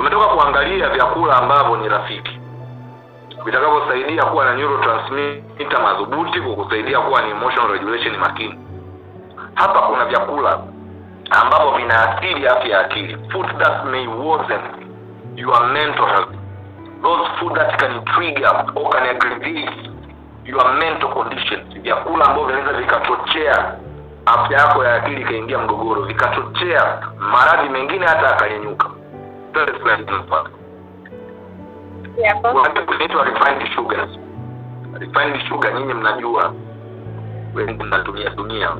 Tumetoka kuangalia vyakula ambavyo ni rafiki vitakavyosaidia kuwa na neurotransmitter madhubuti, kukusaidia kuwa ni emotional regulation makini. Hapa kuna vyakula ambavyo vinaathiri afya ya akili, food that may worsen your mental health, those food that can trigger or can aggravate your mental condition, vyakula ambavyo vinaweza vikachochea afya yako ya akili ikaingia mgogoro, vikachochea maradhi mengine hata akanyenyuka Dar es Salaam hapa. Kuna kunaitwa refined sugar. Refined sugar nyinyi mnajua, wengi mnatumia tumia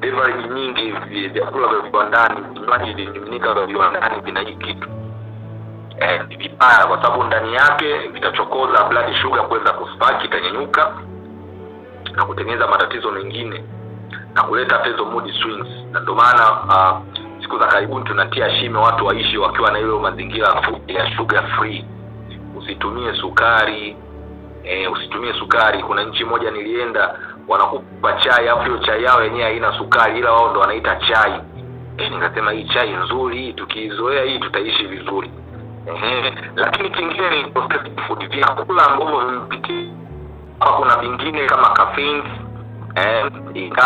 beverage nyingi, vyakula vya viwandani, vinywaji vimiminika vya viwandani vina hii kitu eh, vibaya kwa sababu ndani yake vitachokoza blood sugar kuweza kuspaki, itanyanyuka na kutengeneza matatizo mengine na kuleta pezo mood swings, na ndio maana uh, siku za karibuni tunatia shime watu waishi wakiwa na hiyo mazingira ya sugar free usitumie sukari e, usitumie sukari kuna nchi moja nilienda wanakupa chai afu hiyo chai yao yenyewe haina sukari ila wao ndo wanaita chai e, nikasema hii chai nzuri tukiizoea hii tutaishi vizuri lakini kingine ni food vyakula ambavyo vimepitia kuna vingine kama caffeine eh,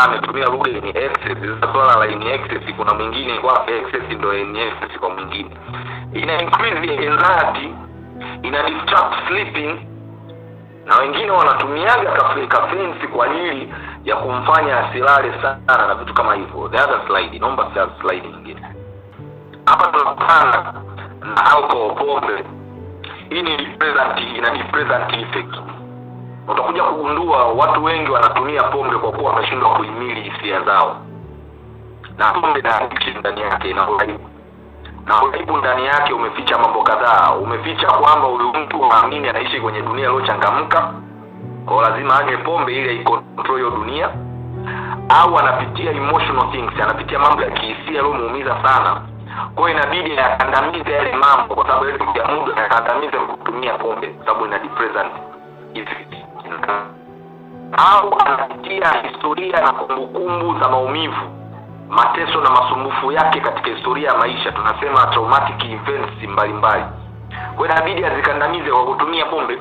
ametumia lugha yenye excess. Sasa swala la yenye kuna mwingine kwa excess ndio yenye excess kwa mwingine, ina increase anxiety, ina disrupt sleeping, na wengine wanatumiaga kafe, kafensi kwa ajili ya kumfanya asilale sana na vitu kama hivyo. The other slide, naomba slide nyingine. Hapa tunakutana na alcohol, pombe. Hii ni present ina present effect utakuja kugundua watu wengi wanatumia pombe kwa kuwa wameshindwa kuhimili hisia zao na pombe na addiction ndani yake na uraibu na uraibu ndani yake umeficha mambo kadhaa umeficha kwamba huyu mtu waamini anaishi kwenye dunia iliyochangamka kwa lazima aje pombe ili aikontrol hiyo dunia au anapitia emotional things anapitia mambo ya kihisia yaliyomuumiza sana kwa hiyo inabidi ayakandamize yale mambo kwa sababu hawezi kujamudu ayakandamize kutumia pombe kwa sababu ina depressant au anapitia historia na kumbukumbu za maumivu mateso na masumbufu yake katika historia ya maisha tunasema traumatic events mbalimbali kwa inabidi azikandamize kwa kutumia pombe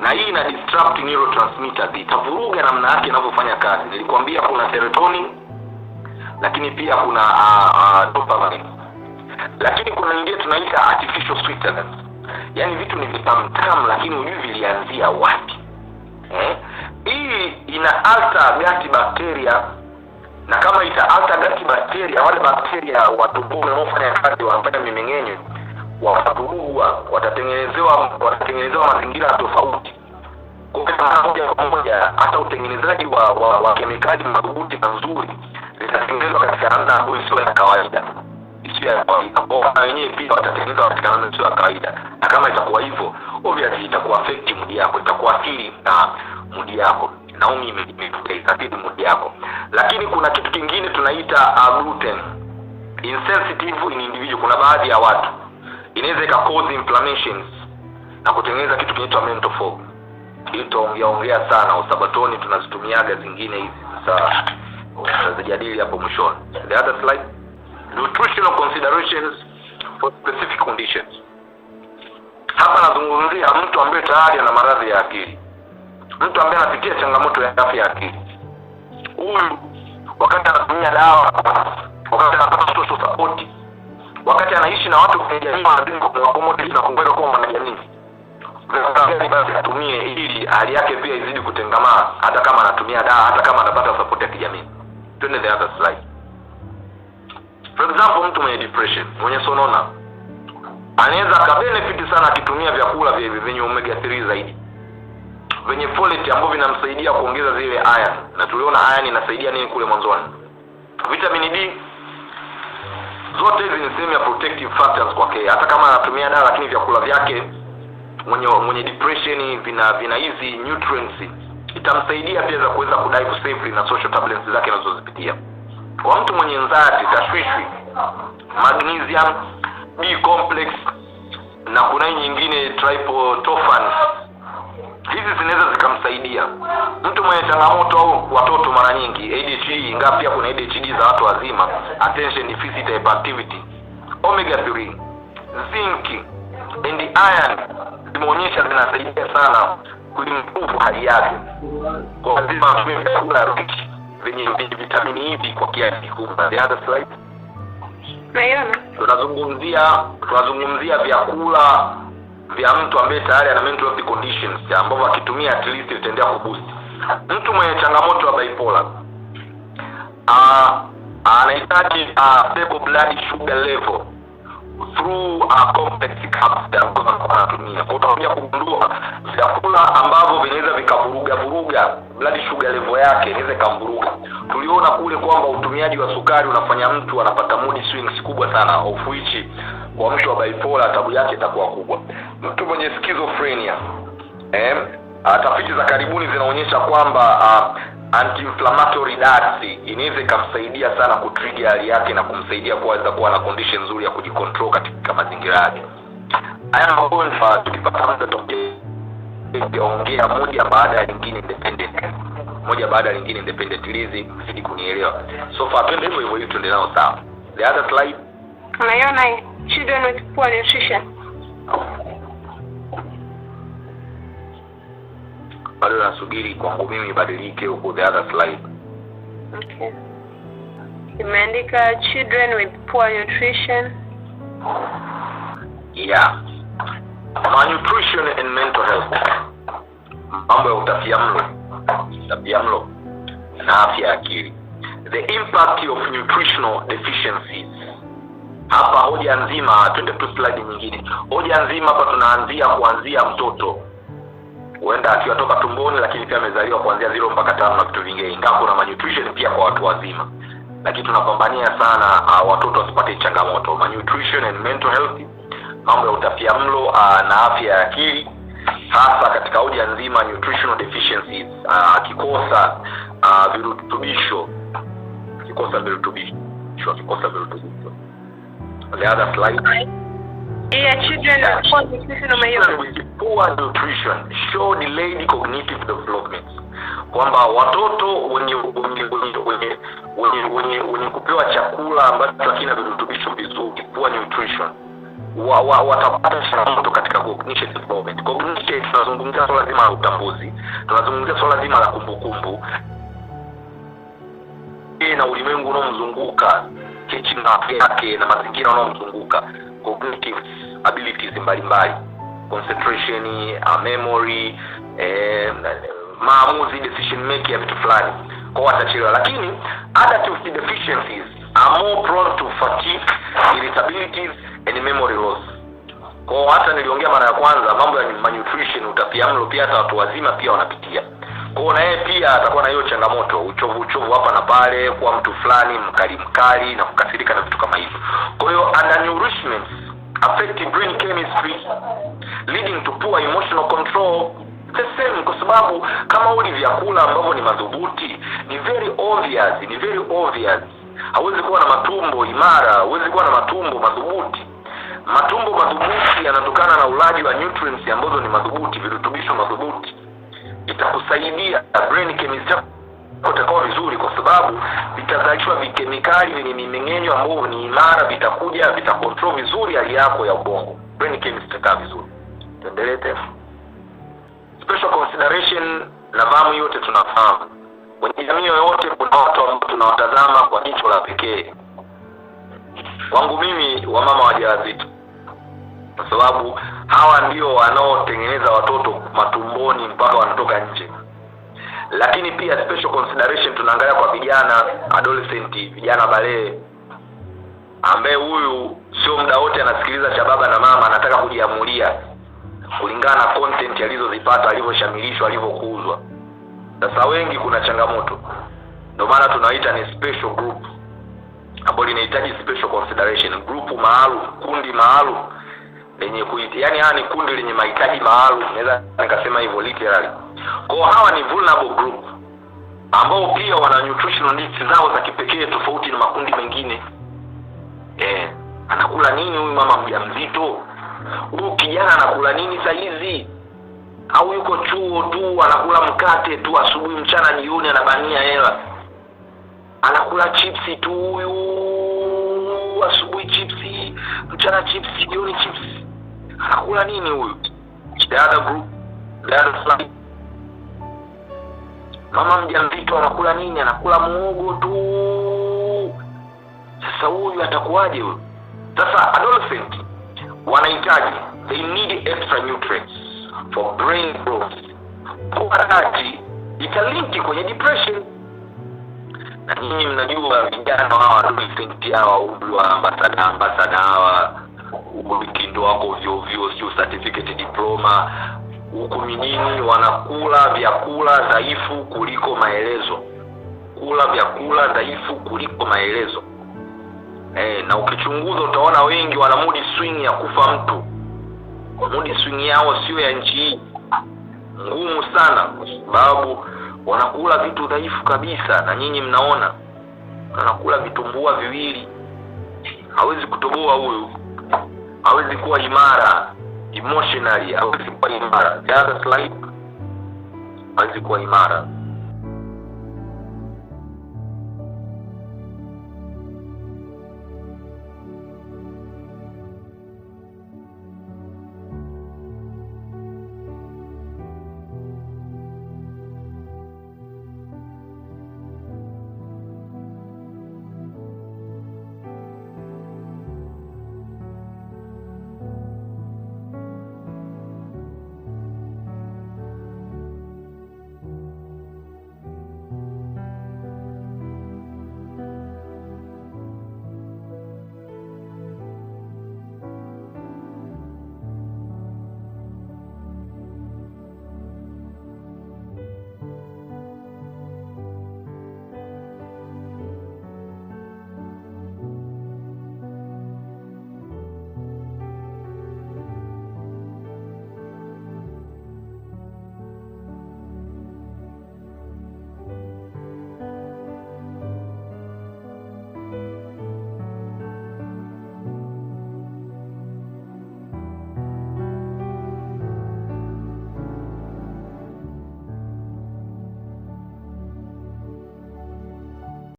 na hii ina disrupt neurotransmitters itavuruga namna yake inavyofanya kazi nilikwambia kuna serotonin lakini pia kuna uh, uh, dopamine lakini kuna nyingine tunaita artificial sweeteners yaani vitu ni vitamtamu lakini hujui vilianzia wapi eh? hii ina alter gati bakteria na kama ita alter gati bakteria wale bakteria watumbume wanaofanya kazi wanafanya mimeng'enyo watavuruwa watatengenezewa watatengenezewa mazingira tofauti moja kwa moja hata utengenezaji wa, wa, wa kemikali madhubuti na nzuri zitatengenezwa katika namna ambayo sio ya kawaida sio ya kwanza, na wenyewe pia watatengeneza watakanana sio ya kawaida, na kama itakuwa hivyo obviously itakuwa affect mudi yako, itakuwa athiri ah, na mudi yako. Naomi imekutaathiri mudi yako, lakini kuna kitu kingine tunaita ah, gluten insensitive in individual. Kuna baadhi ya watu inaweza ika cause inflammations na kutengeneza kitu kinaitwa mental fog. Itaongea ongea sana usabatoni, tunazitumiaga zingine hizi sasa, tutazijadili hapo mwishoni. The other slide nutritional considerations for specific conditions. Hapa nazungumzia mtu ambaye tayari ana maradhi ya akili, mtu ambaye anapitia changamoto ya afya ya akili. Huyu wakati anatumia dawa, wakati anapata social support, wakati anaishi na watu kwenye jamii wanazidi kumwakomodate na kumweka kuwa mwanajamii, basi atumie ili hali yake pia izidi kutengamaa, hata kama anatumia dawa, hata kama anapata support ya kijamii. Twende the other slide. For example, mtu mwenye depression mwenye sonona anaweza akabenefiti sana akitumia vyakula vya hivi vyenye omega 3 zaidi vyenye folate ambavyo vinamsaidia kuongeza zile iron, na tuliona iron inasaidia nini kule mwanzoni, vitamin D zote hizi ni sehemu ya protective factors kwake. Hata kama anatumia dawa, lakini vyakula vyake mwenye mwenye depression vina vina hizi nutrients, itamsaidia pia za kuweza kudive safely na social tablets zake anazozipitia kwa mtu mwenye nzati tashwishwi magnesium b complex na kuna nyingine tripotofan hizi zinaweza zikamsaidia mtu mwenye changamoto au watoto mara nyingi adhd ingawa pia kuna adhd za watu wazima attention deficit hyperactivity omega 3 zinc and iron zimeonyesha zinasaidia sana kuimprove hali yake kwa lazima atumie vyakula rich vyenye vitamini hivi kwa kiasi kikubwa. The other slide, naiona. Tunazungumzia tunazungumzia vyakula vya mtu ambaye tayari ana mental health conditions ambavyo akitumia at least itaendelea kuboost mtu mwenye changamoto ya bipolar ah, anahitaji ah, stable blood sugar level through a complex cups that mtu Kwa utakuja kugundua vyakula ambavyo vinaweza vikavuruga vuruga blood sugar level yake inaweza ikamvuruga. Tuliona kule kwamba utumiaji wa sukari unafanya mtu anapata mood swings kubwa sana, of which kwa mtu wa bipolar tabu yake itakuwa kubwa. Mtu mwenye schizophrenia eh, tafiti za karibuni zinaonyesha kwamba uh, anti-inflammatory diet inaweza ikamsaidia sana kutrigger hali yake na kumsaidia kuweza kuwa na condition nzuri ya kujicontrol katika mazingira yake haya magonjwa tukipata muda tukiongea moja baada ya nyingine independent moja baada ya nyingine independent lizi msidi kunielewa so far twende hivyo hivyo tuende nao sawa the other slide unaiona children with poor nutrition bado nasubiri kwangu mimi ibadilike huko the other slide okay imeandika children with poor nutrition yeah malnutrition and mental health mambo ya utafia mlo utafia mlo na afya ya akili the impact of nutritional deficiencies hapa hoja nzima twende tu slide nyingine hoja nzima hapa tunaanzia kuanzia mtoto huenda akiwa toka tumboni lakini pia amezaliwa kuanzia zero mpaka tano na vitu vingine ingawa kuna manutrition pia kwa watu wazima lakini tunapambania sana uh, watoto wasipate changamoto manutrition and mental health mambo ya utapia mlo uh, na afya ya akili hasa katika hoja nzima nutritional deficiencies uh, akikosa uh, virutubisho akikosa virutubisho akikosa virutubisho the other slide okay. Eh, kwamba watoto wenye wenye wenye wenye wenye wenye kupewa chakula ambacho hakina virutubisho vizuri, kuwa nutrition wa, wa, watapata changamoto katika cognition development. Cognition tunazungumzia swala zima la utambuzi, tunazungumzia swala zima la kumbukumbu na ulimwengu unaomzunguka changing up yake na mazingira yanayomzunguka cognitive abilities mbalimbali concentration uh, memory eh, maamuzi decision making ya vitu fulani kwa watachelewa lakini adaptive deficiencies are more prone to fatigue irritabilities and memory loss kwa hata niliongea mara ya kwanza mambo ya malnutrition utapiamlo pia hata watu wazima pia wanapitia kwao na yeye pia atakuwa na hiyo changamoto, uchovu uchovu hapa na pale, kuwa mtu fulani mkali mkali na kukasirika na vitu kama hivyo. Kwa hiyo affecting brain chemistry leading to poor emotional control the same, kwa sababu kama uli vyakula ambavyo ni madhubuti, ni very obvious, ni very obvious, hauwezi kuwa na matumbo imara, hauwezi kuwa na matumbo madhubuti matumbo madhubuti yanatokana na ulaji wa nutrients ambazo ni madhubuti, virutubisho madhubuti itakusaidia brain chemistry yako vizuri, kwa sababu vitazalishwa vikemikali vyenye mimeng'enyo ambavyo ni imara, vitakuja vitakontrol vizuri hali yako ya ubongo, brain chemistry itakaa vizuri. Tuendelee special consideration na vamu yote tunafahamu kwenye jamii yoyote tunaangalia kwa vijana adolescent vijana balee ambaye huyu sio muda wote anasikiliza cha baba na mama anataka kujiamulia kulingana na content alizozipata alivyoshamilishwa alivyokuuzwa sasa wengi kuna changamoto ndio maana tunaita ni special group ambayo linahitaji special consideration group maalum kundi maalum lenye kuiti yani haya ni kundi lenye mahitaji maalum naweza nikasema hivyo literally kwa hawa ni vulnerable group ambao pia wana nutritional needs zao za kipekee tofauti na makundi mengine eh, anakula nini huyu mama mjamzito huyu kijana anakula nini saizi au yuko chuo tu anakula mkate tu asubuhi mchana jioni anabania hela anakula chipsi tu huyu asubuhi chipsi mchana chipsi jioni chipsi anakula nini huyu group mama mjamzito anakula nini? Anakula muhogo tu. Sasa huyu atakuwaje huyu? Sasa adolescent wanahitaji, they need extra nutrients for brain growth. italinki kwenye depression na nyinyi mnajua vijana hawa adolescent hawa umri wa ambasada ambasada hawa ukindo wako vyovyo sio certificate diploma huku mijini wanakula vyakula dhaifu kuliko maelezo, kula vyakula dhaifu kuliko maelezo. E, na ukichunguza utaona wengi wana mudi swing ya kufa mtu. mudi swing yao sio ya nchi hii, ngumu sana, kwa sababu wanakula vitu dhaifu kabisa, na nyinyi mnaona anakula vitumbua viwili, hawezi kutoboa huyu, hawezi kuwa imara emotionally hawezi kuwa imara, the other slide hawezi kuwa imara